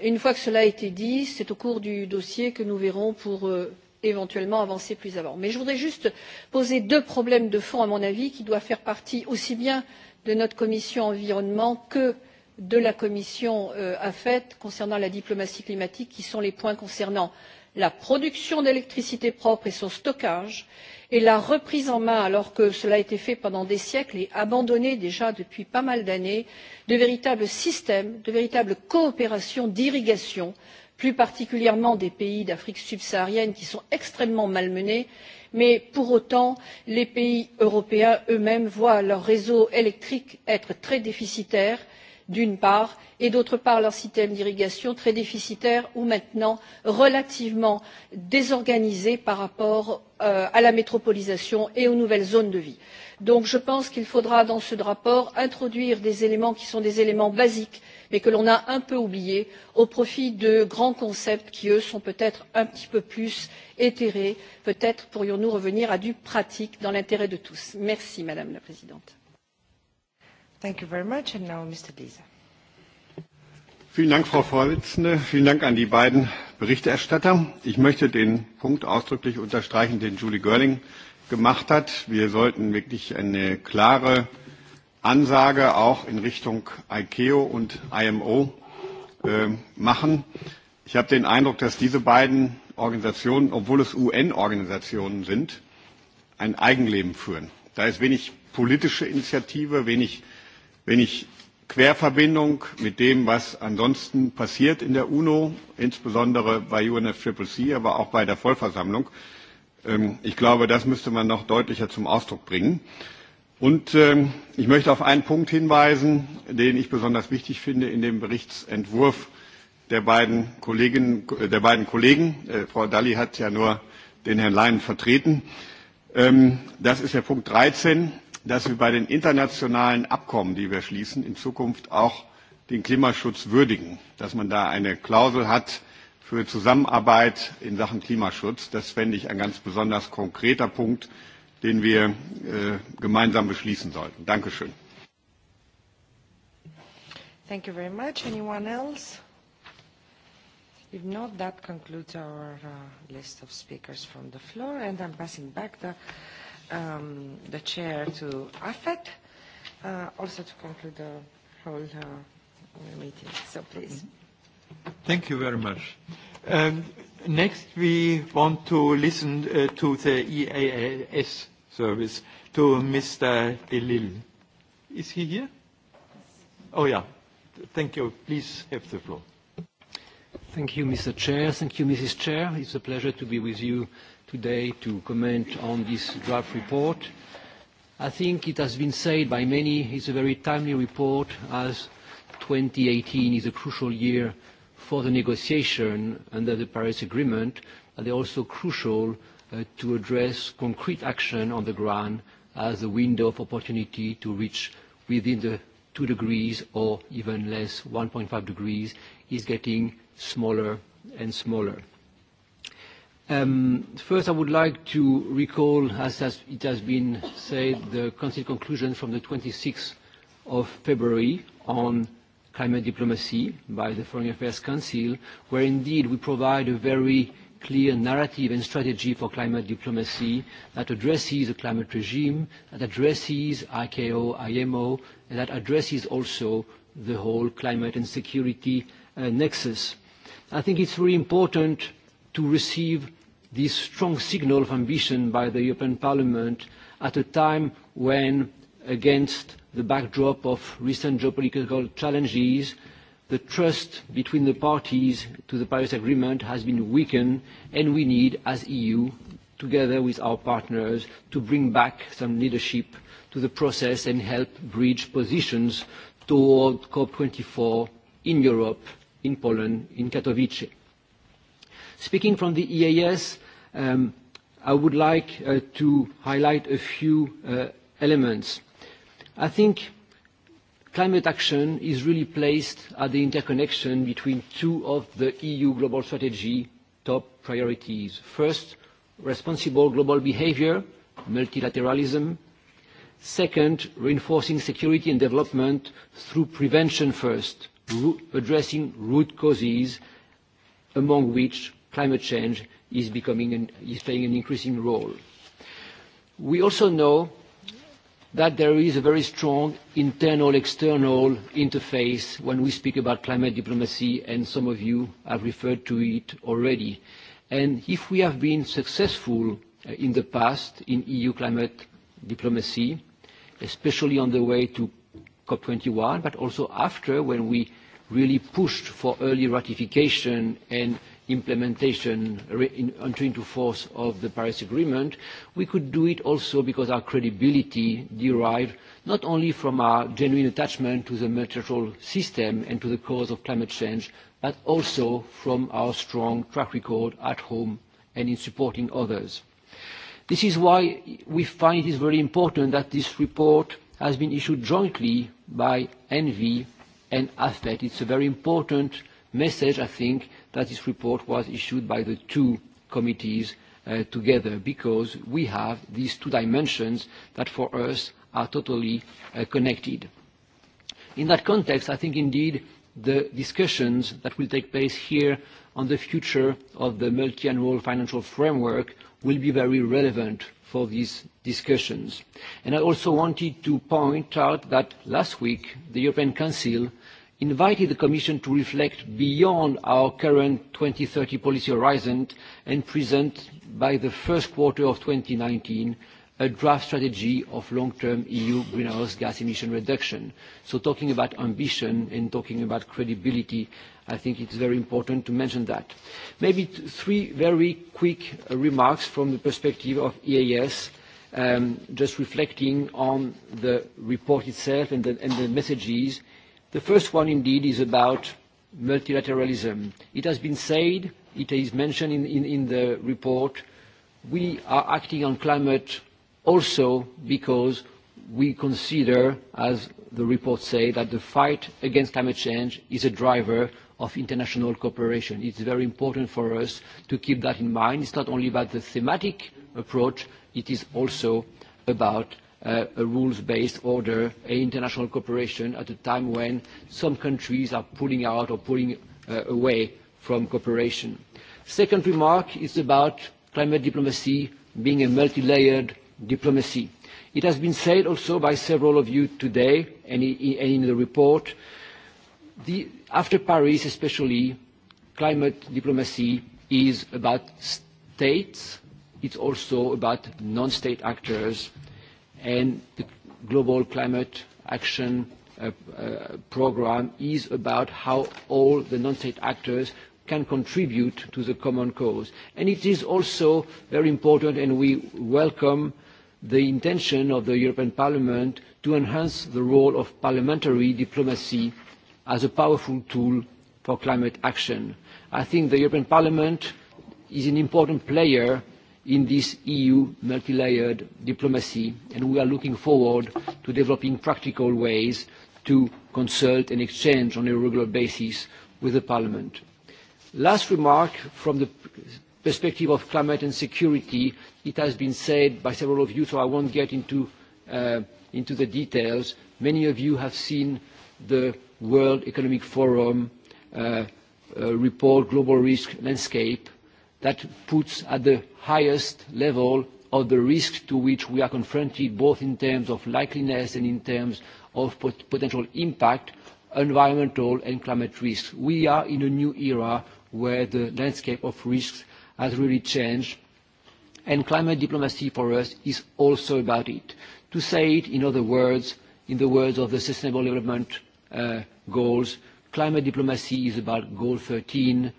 une fois que cela a été dit c'est au cours du dossier que nous verrons pour euh, éventuellement avancer plus avant. mais je voudrais juste poser deux problèmes de fond à mon avis qui doivent faire partie aussi bien de notre commission environnement que de de la commission euh, afet concernant la diplomatie climatique qui sont les points concernant la production d'électricité propre et son stockage et la reprise en main alors que cela a été fait pendant des siècles et abandonné déjà depuis pas mal d'années de véritables systèmes de véritables coopérations d'irrigation plus particulièrement des pays d'afrique subsaharienne qui sont extrêmement malmenés mais pour autant les pays européens eux mêmes voient leur réseau électrique être très déficitaire et d'une part et d'autre part leur système d'irrigation très déficitaire ou maintenant relativement désorganisé par rapport euh, à la métropolisation et aux nouvelles zones de vie. donc je pense qu'il faudra dans ce rapport introduire des éléments qui sont des éléments basiques mais que l'on a un peu oubliés au profit de grands concepts qui eux sont peut être un petit peu plus éthérés. peut être pourrions nous revenir à du pratique dans l'intérêt de tous. merci madame la présidente. Thank you very much. And now Mr. Liese. Vielen Dank, Frau Vorsitzende. Vielen Dank an die beiden Berichterstatter. Ich möchte den Punkt ausdrücklich unterstreichen, den Julie Görling gemacht hat. Wir sollten wirklich eine klare Ansage auch in Richtung ICAO e und IMO äh, machen. Ich habe den Eindruck, dass diese beiden Organisationen, obwohl es UN-Organisationen sind, ein Eigenleben führen. Da ist wenig politische Initiative, wenig Wenn ich Querverbindung mit dem, was ansonsten passiert in der UNO, insbesondere bei UNFCCC, aber auch bei der Vollversammlung. Ähm, ich glaube, das müsste man noch deutlicher zum Ausdruck bringen. Und ähm, ich möchte auf einen Punkt hinweisen, den ich besonders wichtig finde in dem Berichtsentwurf der beiden, Kolleginnen, der beiden Kollegen. Äh, Frau Dalli hat ja nur den Herrn Leinen vertreten. Ähm, das ist der Punkt 13 dass wir bei den internationalen Abkommen, die wir schließen, in Zukunft auch den Klimaschutz würdigen, dass man da eine Klausel hat für Zusammenarbeit in Sachen Klimaschutz. Das fände ich ein ganz besonders konkreter Punkt, den wir äh, gemeinsam beschließen sollten. Dankeschön. Thank you very much. Anyone else? If not, that concludes our uh, list of speakers from the floor, and I'm passing back the um, the chair to AFET, uh, also to conclude the whole uh, meeting. So please. Mm-hmm. Thank you very much. Um, next, we want to listen uh, to the EAS service, to Mr. DeLille. Is he here? Oh, yeah. Thank you. Please have the floor. Thank you, Mr. Chair. Thank you, Mrs. Chair. It's a pleasure to be with you today to comment on this draft report. I think it has been said by many it's a very timely report as 2018 is a crucial year for the negotiation under the Paris Agreement, and they're also crucial uh, to address concrete action on the ground as a window of opportunity to reach within the 2 degrees or even less, 1.5 degrees, is getting smaller and smaller. Um, first, I would like to recall, as, as it has been said, the Council conclusion from the 26th of February on climate diplomacy by the Foreign Affairs Council, where indeed we provide a very clear narrative and strategy for climate diplomacy that addresses the climate regime, that addresses ICAO, IMO, and that addresses also the whole climate and security uh, nexus. I think it's really important to receive this strong signal of ambition by the European Parliament at a time when, against the backdrop of recent geopolitical challenges, the trust between the parties to the Paris Agreement has been weakened, and we need, as EU, together with our partners, to bring back some leadership to the process and help bridge positions toward COP24 in Europe, in Poland, in Katowice. Speaking from the EAS, um, I would like uh, to highlight a few uh, elements. I think climate action is really placed at the interconnection between two of the EU global strategy top priorities. First, responsible global behavior, multilateralism. Second, reinforcing security and development through prevention first, ro addressing root causes, among which climate change is, becoming an, is playing an increasing role. We also know that there is a very strong internal-external interface when we speak about climate diplomacy, and some of you have referred to it already. And if we have been successful uh, in the past in EU climate diplomacy, especially on the way to COP21, but also after, when we really pushed for early ratification and implementation in, entry into force of the Paris Agreement, we could do it also because our credibility derived not only from our genuine attachment to the multilateral system and to the cause of climate change, but also from our strong track record at home and in supporting others. This is why we find it very important that this report has been issued jointly by ENVI and AFET. It's a very important message, I think, that this report was issued by the two committees uh, together because we have these two dimensions that for us are totally uh, connected. In that context, I think indeed the discussions that will take place here on the future of the multi-annual financial framework will be very relevant for these discussions. And I also wanted to point out that last week, the European Council invited the Commission to reflect beyond our current 2030 policy horizon and present, by the first quarter of 2019, a draft strategy of long-term EU greenhouse gas emission reduction. So talking about ambition and talking about credibility, I think it's very important to mention that. Maybe three very quick uh, remarks from the perspective of EAS, um, just reflecting on the report itself and the, and the messages The first one, indeed, is about multilateralism. It has been said, it is mentioned in, in, in the report, we are acting on climate also because we consider, as the report say, that the fight against climate change is a driver of international cooperation. It's very important for us to keep that in mind. It's not only about the thematic approach, it is also about uh, a rules-based order, international cooperation at a time when some countries are pulling out or pulling uh, away from cooperation. Second remark is about climate diplomacy being a multi-layered diplomacy. It has been said also by several of you today and in the report, the, after Paris especially, climate diplomacy is about states, it's also about non-state actors, and the global climate action uh, uh, program is about how all the non-state actors can contribute to the common cause. And it is also very important, and we welcome the intention of the European Parliament to enhance the role of parliamentary diplomacy as a powerful tool for climate action. I think the European Parliament is an important player in this EU multi-layered diplomacy, and we are looking forward to developing practical ways to consult and exchange on a regular basis with the Parliament. Last remark from the perspective of climate and security, it has been said by several of you, so I won't get into, uh, into the details. Many of you have seen the World Economic Forum uh, uh, report, Global Risk Landscape, that puts at the highest level of the risk to which we are confronted, both in terms of likeliness and in terms of pot potential impact, environmental and climate risks. We are in a new era where the landscape of risks has really changed, and climate diplomacy for us is also about it. To say it, in other words, in the words of the Sustainable Development uh, Goals, climate diplomacy is about Goal 13,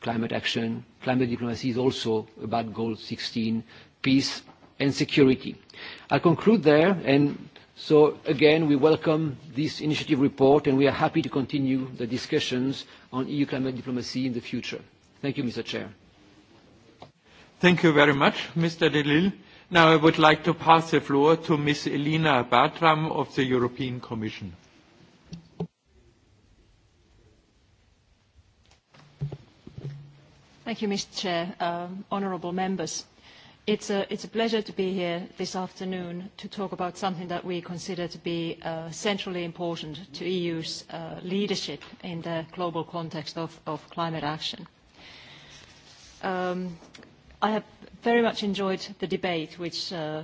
climate action. Climate diplomacy is also about goal 16, peace and security. I'll conclude there, and so again, we welcome this initiative report, and we are happy to continue the discussions on EU climate diplomacy in the future. Thank you, Mr. Chair. Thank you very much, Mr. de Lille. Now I would like to pass the floor to Ms. Elina Bartram of the European Commission. Thank you, Mr. Chair, um, honourable members. It's a, it's a pleasure to be here this afternoon to talk about something that we consider to be uh, centrally important to EU's uh, leadership in the global context of, of climate action. Um, I have very much enjoyed the debate, which uh,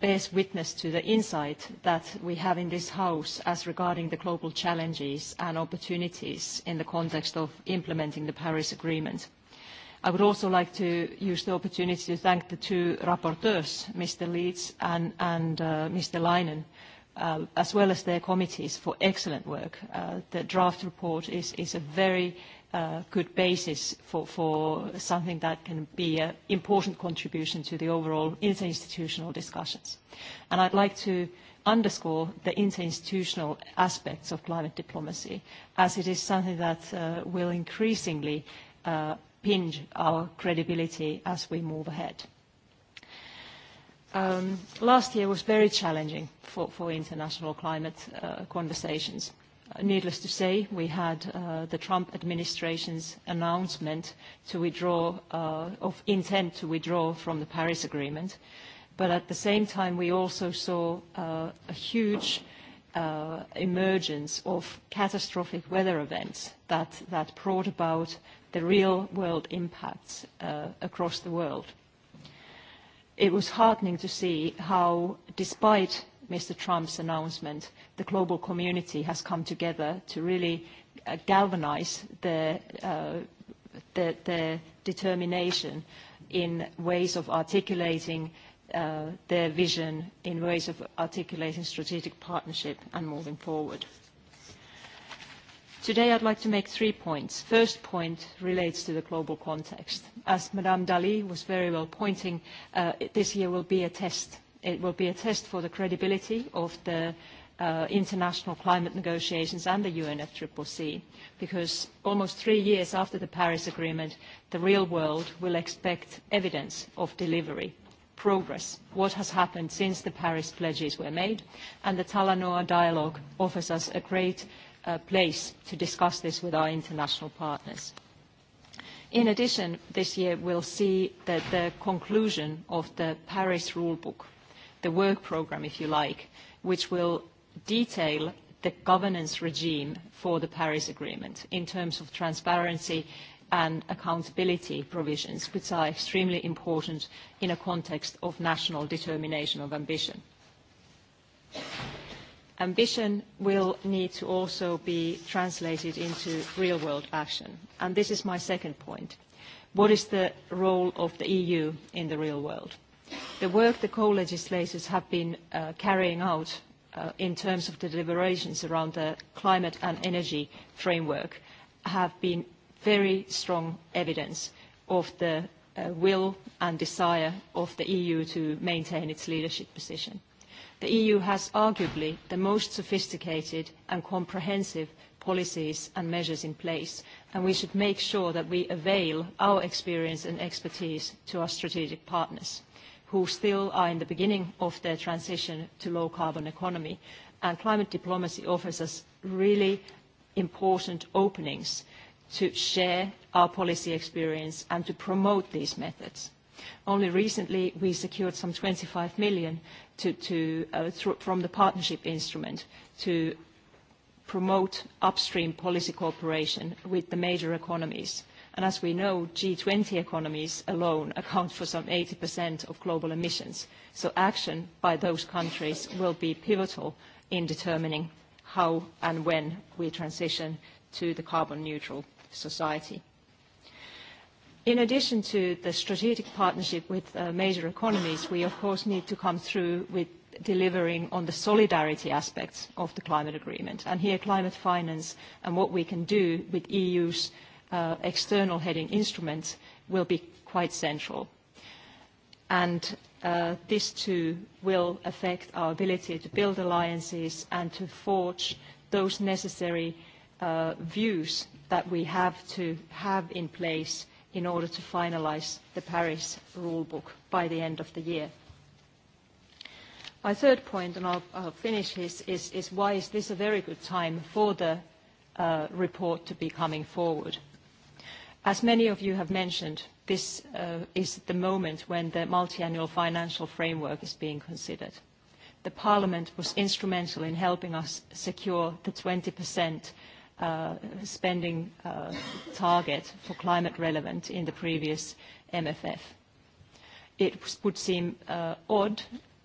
bears witness to the insight that we have in this House as regarding the global challenges and opportunities in the context of implementing the Paris Agreement. Uh, I would also like to use the opportunity to thank the two rapporteurs, Mr. Leeds and, and uh, Mr. Leinen, uh, as well as their committees for excellent work. Uh, the draft report is, is a very uh, good basis for, for something that can be an important contribution to the overall interinstitutional discussions. And I'd like to underscore the interinstitutional aspects of climate diplomacy, as it is something that uh, will increasingly uh, pinch our credibility as we move ahead. Um, last year was very challenging for, for international climate uh, conversations. Uh, needless to say, we had uh, the Trump administration's announcement to withdraw uh, of intent to withdraw from the Paris Agreement. But at the same time, we also saw uh, a huge uh, emergence of catastrophic weather events that, that brought about the real world impacts uh, across the world. It was heartening to see how, despite Mr. Trump's announcement, the global community has come together to really uh, galvanize the, uh, the, the determination in ways of articulating uh, their vision, in ways of articulating strategic partnership and moving forward. Uh, Today I'd like to make three points. First point relates to the global context. As Madame Dali was very well pointing, uh, this year will be a test. It will be a test for the credibility of the uh, international climate negotiations and the UNFCCC, because almost three years after the Paris Agreement, the real world will expect evidence of delivery, progress, what has happened since the Paris pledges were made, and the Talanoa dialogue offers us a great uh, place to discuss this with our international partners. In addition, this year we'll see that the conclusion of the Paris Rulebook, the work program, if you like, which will detail the governance regime for the Paris Agreement in terms of transparency and accountability provisions, which are extremely important in a context of national determination of ambition ambition will need to also be translated into real-world action. And this is my second point. What is the role of the EU in the real world? The work the co-legislators have been uh, carrying out uh, in terms of the deliberations around the climate and energy framework have been very strong evidence of the uh, will and desire of the EU to maintain its leadership position the EU has arguably the most sophisticated and comprehensive policies and measures in place, and we should make sure that we avail our experience and expertise to our strategic partners, who still are in the beginning of their transition to low-carbon economy. And climate diplomacy offers us really important openings to share our policy experience and to promote these methods. Only recently, we secured some 25 million to, to, uh, through, from the partnership instrument to promote upstream policy cooperation with the major economies. And as we know, G20 economies alone account for some 80% of global emissions. So action by those countries will be pivotal in determining how and when we transition to the carbon neutral society. In addition to the strategic partnership with uh, major economies, we of course need to come through with delivering on the solidarity aspects of the climate agreement. And here climate finance and what we can do with EU's uh, external heading instruments will be quite central. And uh, this too will affect our ability to build alliances and to forge those necessary uh, views that we have to have in place in order to finalize the Paris rulebook by the end of the year. My third point, and I'll, I'll finish, is, is, is why is this a very good time for the uh, report to be coming forward? As many of you have mentioned, this uh, is the moment when the multi-annual financial framework is being considered. The Parliament was instrumental in helping us secure the 20% uh, spending uh, target for climate relevant in the previous MFF. It would seem uh, odd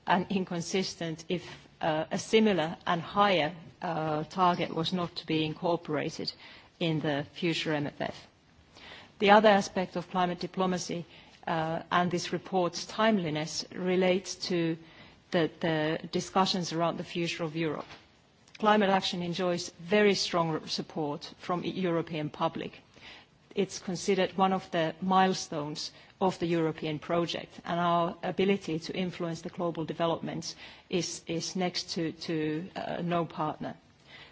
and inconsistent if uh, a similar and higher uh, target was not to be incorporated in the future MFF. The other aspect of climate diplomacy uh, and this report's timeliness relates to the, the discussions around the future of Europe Climate action enjoys very strong support from the European public. It's considered one of the milestones of the European project, and our ability to influence the global developments is, is next to, to uh, no partner.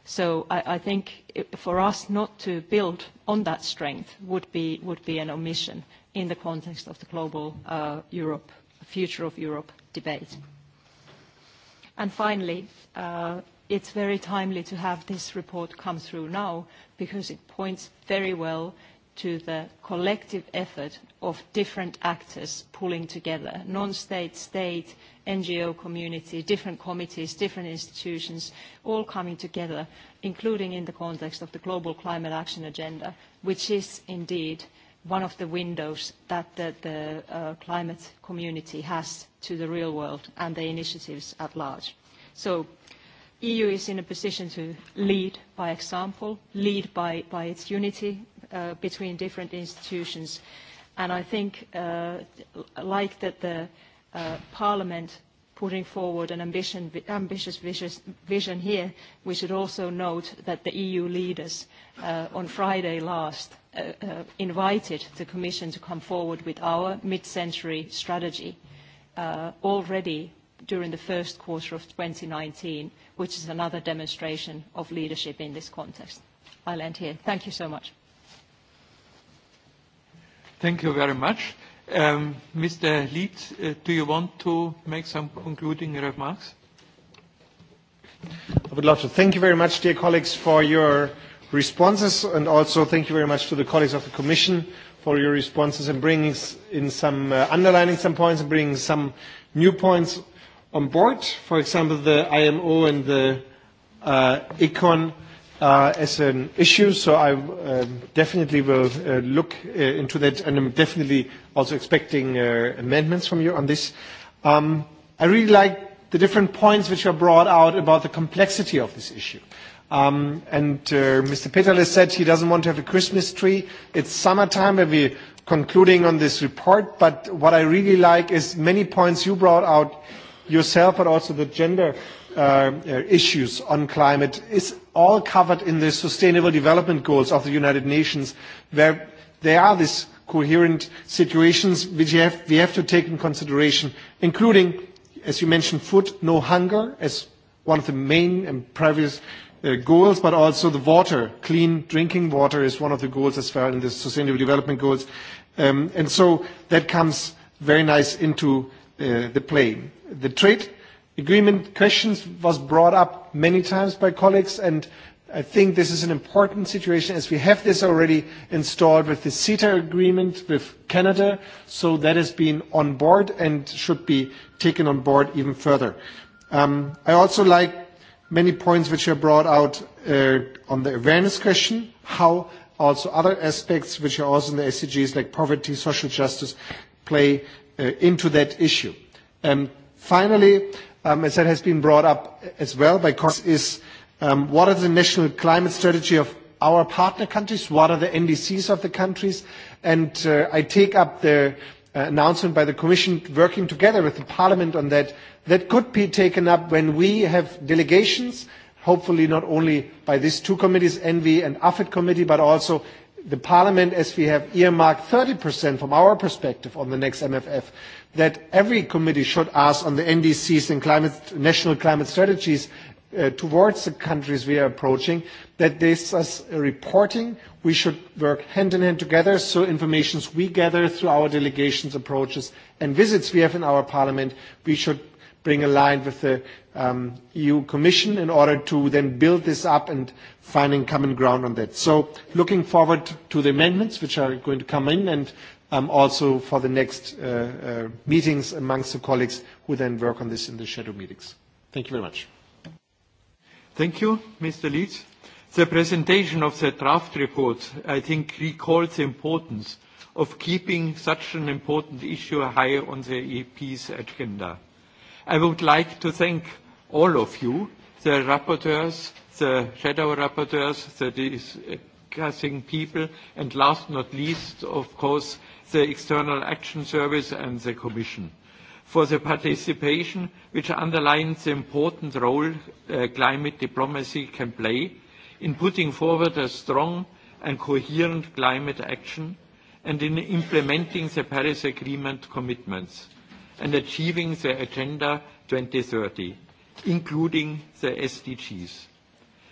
So I, I think it, for us not to build on that strength would be, would be an omission in the context of the global uh, Europe, future of Europe debate. And finally, uh, it's very timely to have this report come through now because it points very well to the collective effort of different actors pulling together, non-state, state, NGO community, different committees, different institutions, all coming together, including in the context of the Global Climate Action Agenda, which is indeed one of the windows that the, the uh, climate community has to the real world and the initiatives at large. So EU is in a position to lead by example, lead by, by its unity uh, between different institutions. And I think, uh, like that the uh, Parliament putting forward an ambition, ambitious vision here, we should also note that the EU leaders uh, on Friday last uh, uh, invited the Commission to come forward with our mid-century strategy. Uh, already during the first quarter of 2019, which is another demonstration of leadership in this context. I'll end here. Thank you so much. Thank you very much. Um, Mr. Leeds, uh, do you want to make some concluding remarks? I would love to. Thank you very much, dear colleagues, for your responses, and also thank you very much to the colleagues of the Commission for your responses and bringing in some uh, underlining some points and bringing some new points on board, for example, the IMO and the uh, ECON uh, as an issue, so I um, definitely will uh, look uh, into that, and I'm definitely also expecting uh, amendments from you on this. Um, I really like the different points which are brought out about the complexity of this issue. Um, and uh, Mr. Peterle said he doesn't want to have a Christmas tree. It's summertime, and we're concluding on this report, but what I really like is many points you brought out yourself, but also the gender uh, uh, issues on climate is all covered in the Sustainable Development Goals of the United Nations, where there are these coherent situations which you have, we have to take in consideration, including, as you mentioned, food, no hunger, as one of the main and previous uh, goals, but also the water, clean drinking water is one of the goals as well in the Sustainable Development Goals. Um, and so that comes very nice into uh, the play the trade agreement questions was brought up many times by colleagues, and I think this is an important situation as we have this already installed with the CETA agreement with Canada, so that has been on board and should be taken on board even further. Um, I also like many points which are brought out uh, on the awareness question, how also other aspects which are also in the SDGs like poverty, social justice, play uh, into that issue. Um, Finally, um, as that has been brought up as well by colleagues, is um, what are the national climate strategy of our partner countries? What are the NDCs of the countries? And uh, I take up the uh, announcement by the Commission working together with the Parliament on that. That could be taken up when we have delegations, hopefully not only by these two committees, ENVI and AFET committee, but also the Parliament, as we have earmarked 30% from our perspective on the next MFF that every committee should ask on the NDCs and climate, national climate strategies uh, towards the countries we are approaching, that this is reporting. We should work hand in hand together, so information we gather through our delegations, approaches, and visits we have in our parliament, we should bring aligned with the um, EU Commission in order to then build this up and finding common ground on that. So looking forward to the amendments which are going to come in and um, also for the next uh, uh, meetings amongst the colleagues who then work on this in the shadow meetings. Thank you very much. Thank you, Mr. Leeds. The presentation of the draft report, I think, recalls the importance of keeping such an important issue high on the EP's agenda. I would like to thank all of you, the rapporteurs, the shadow rapporteurs, the discussing people, and last not least, of course, the External Action Service and the Commission for the participation which underlines the important role uh, climate diplomacy can play in putting forward a strong and coherent climate action and in implementing the Paris Agreement commitments and achieving the Agenda 2030, including the SDGs.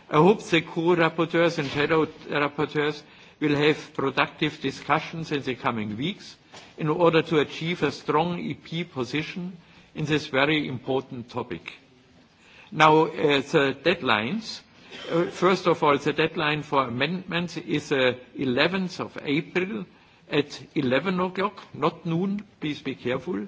I hope the co-rapporteurs and shadow rapporteurs will have productive discussions in the coming weeks in order to achieve a strong EP position in this very important topic. Now, uh, the deadlines. Uh, first of all, the deadline for amendments is uh, 11th of April at 11 o'clock, not noon, please be careful,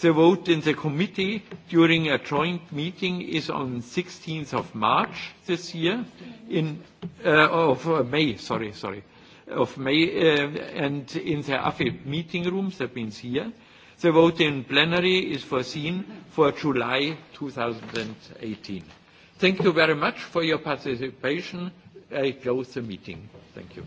The vote in the committee during a joint meeting is on 16th of March this year, in, uh, of uh, May, sorry, sorry, of May, uh, and in the AFIP meeting rooms, that means here. The vote in plenary is foreseen for July 2018. Thank you very much for your participation. I close the meeting. Thank you.